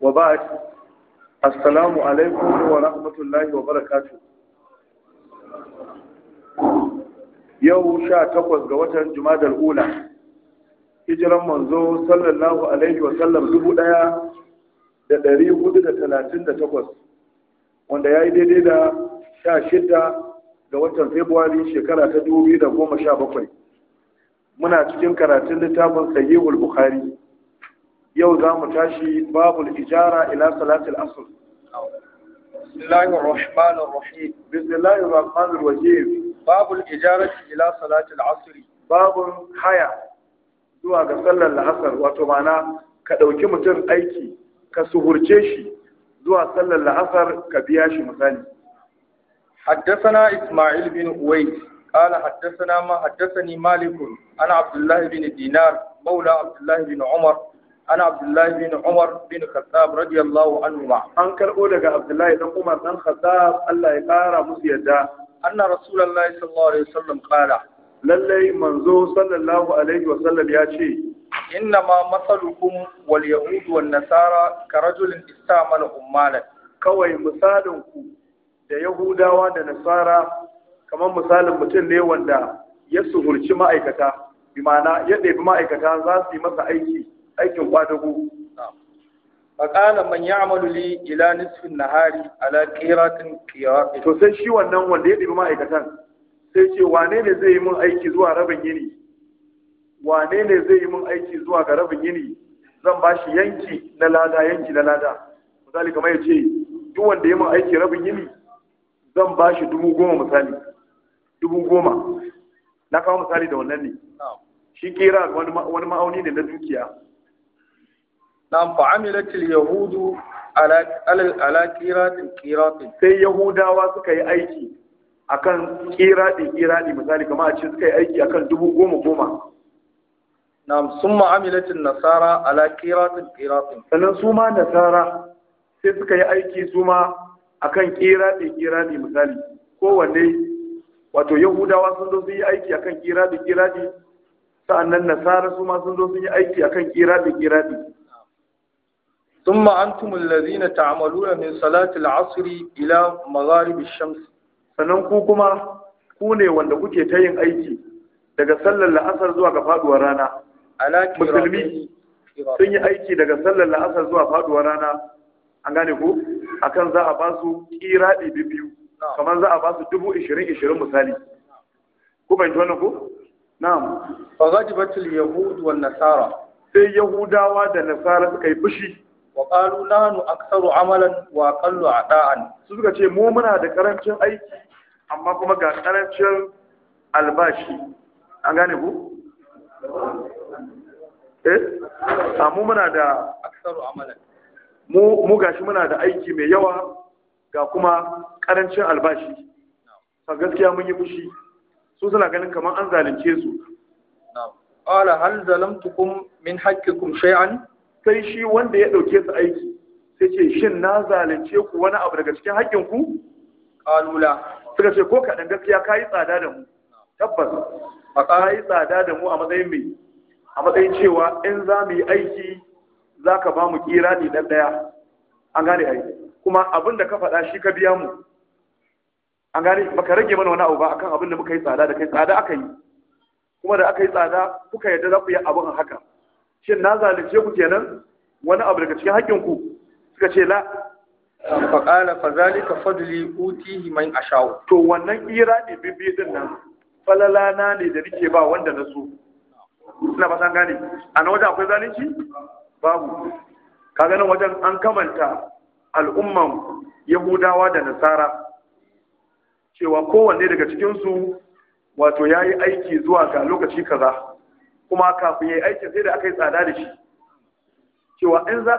wa ba'd assalamu alaikum wa rahmatullahi wa barakatuh yau sha takwas ga watan jumadal ula hijiran manzo sallallahu alaihi wa sallam dubu ɗaya da ɗari hudu da talatin da takwas wanda ya yi daidai da sha shida ga watan februari shekara ta dubu biyu da goma sha bakwai muna cikin karatun littafin sahihul bukhari yau za mu tashi babul ijara ila salatul asr bismillahir rahmanir rahim bismillahir rahmanir babul ila salatul asr babun haya zuwa ga sallar la'asar wato mana ka ɗauki mutum aiki ka suhurce shi zuwa sallar la'asar ka biya shi misali حدثنا إسماعيل بن أويس قال حدثنا ما حدثني مالك عن عبد الله بن دينار مولى عبد الله بن عمر ana abdullahi bin umar bin khattab radiyallahu anhu ma an karbo daga abdullahi dan umar dan khattab Allah ya kara musu yadda anna rasulullahi sallallahu alaihi wasallam qala lallai manzo sallallahu alaihi wasallam ya ce inna ma masalukum wal yahud nasara ka rajulin istamala ummalan kawai misalin ku da yahudawa da nasara kamar misalin mutum ne wanda ya suhurci ma'aikata bi ma'ana ya ɗebi ma'aikata za su yi masa aiki aikin kwadago faƙala man ya amalu li ila nisfin nahari ala ƙiratin ƙiyawa to sai shi wannan wanda ya ɗibi ma'aikatan sai ce wane ne zai yi min aiki zuwa rabin yini wane ne zai yi min aiki zuwa ga rabin yini zan ba shi yanki na lada yanki na lada misali kamar ya ce duk wanda ya min aiki rabin yini zan ba shi dubu goma misali dubu goma na kawo misali da wannan ne shi ƙera wani ma'auni ne na dukiya nan fa'amilatil yahudu ala kiratin kiratin sai yahudawa suka yi aiki akan kiradi kiradi misali kamar a ce suka yi aiki akan dubu goma goma nam sun ma'amilatin nasara ala kiratin kiratin sannan su ma nasara sai suka yi aiki su ma akan kiradi kiradi misali kowanne wato yahudawa sun zo sun yi aiki akan kiradi kiradi sa'annan nasara su ma sun zo sun yi aiki akan kiradi kiradi ثم أنتم الذين تعملون من صلاة العصر إلى مغارب الشمس sannan ku kuma ku ne wanda kuke ta yin aiki daga sallar la'asar zuwa ga rana musulmi sun yi aiki daga sallar la'asar zuwa faduwar rana an gane ku akan za a ba su kiradi kamar za a ba dubu ishirin ishirin misali ku bai wani na'am fa gajibatul yahud wan nasara sai yahudawa da nasara suka yi fushi wa qalu nahnu aktharu amalan wa aqallu ada'an su suka ce mu muna da karancin aiki amma kuma ga karancin albashi an gane ku eh mu muna da aktharu amalan mu mu gashi muna da aiki mai yawa ga kuma karancin albashi fa gaskiya mun yi fushi su suna ganin kamar an zalunce su na'am qala hal zalamtukum min haqqikum shay'an sai shi wanda ya dauke su aiki sai ce shin na zalunce ku wani abu daga cikin haƙƙin ku kalula suka ce ko kaɗan gaskiya ka yi tsada da mu tabbas a ka yi tsada da mu a matsayin mai a matsayin cewa in za mu yi aiki za ka ba mu ƙira ne ɗan ɗaya an gane aiki kuma abin da ka faɗa shi ka biya mu an gane baka rage mana wani abu ba akan abin da muka yi tsada da kai tsada aka yi kuma da aka yi tsada kuka yarda za ku yi abin haka shin na zalice ku kenan wani abu daga cikin haƙƙin ku suka ce la fa qala fa zalika fadli utihi man asha'u to wannan ne bibbi din nan falalana ne da nake ba wanda na so ina ba san gane a nan wajen akwai zalunci babu kaga nan wajen an kamanta al'umman yahudawa da nasara cewa kowanne daga cikinsu wato ya yi aiki zuwa ga lokaci kaza kuma kafin ya yi aikin sai da aka yi tsada da shi cewa in za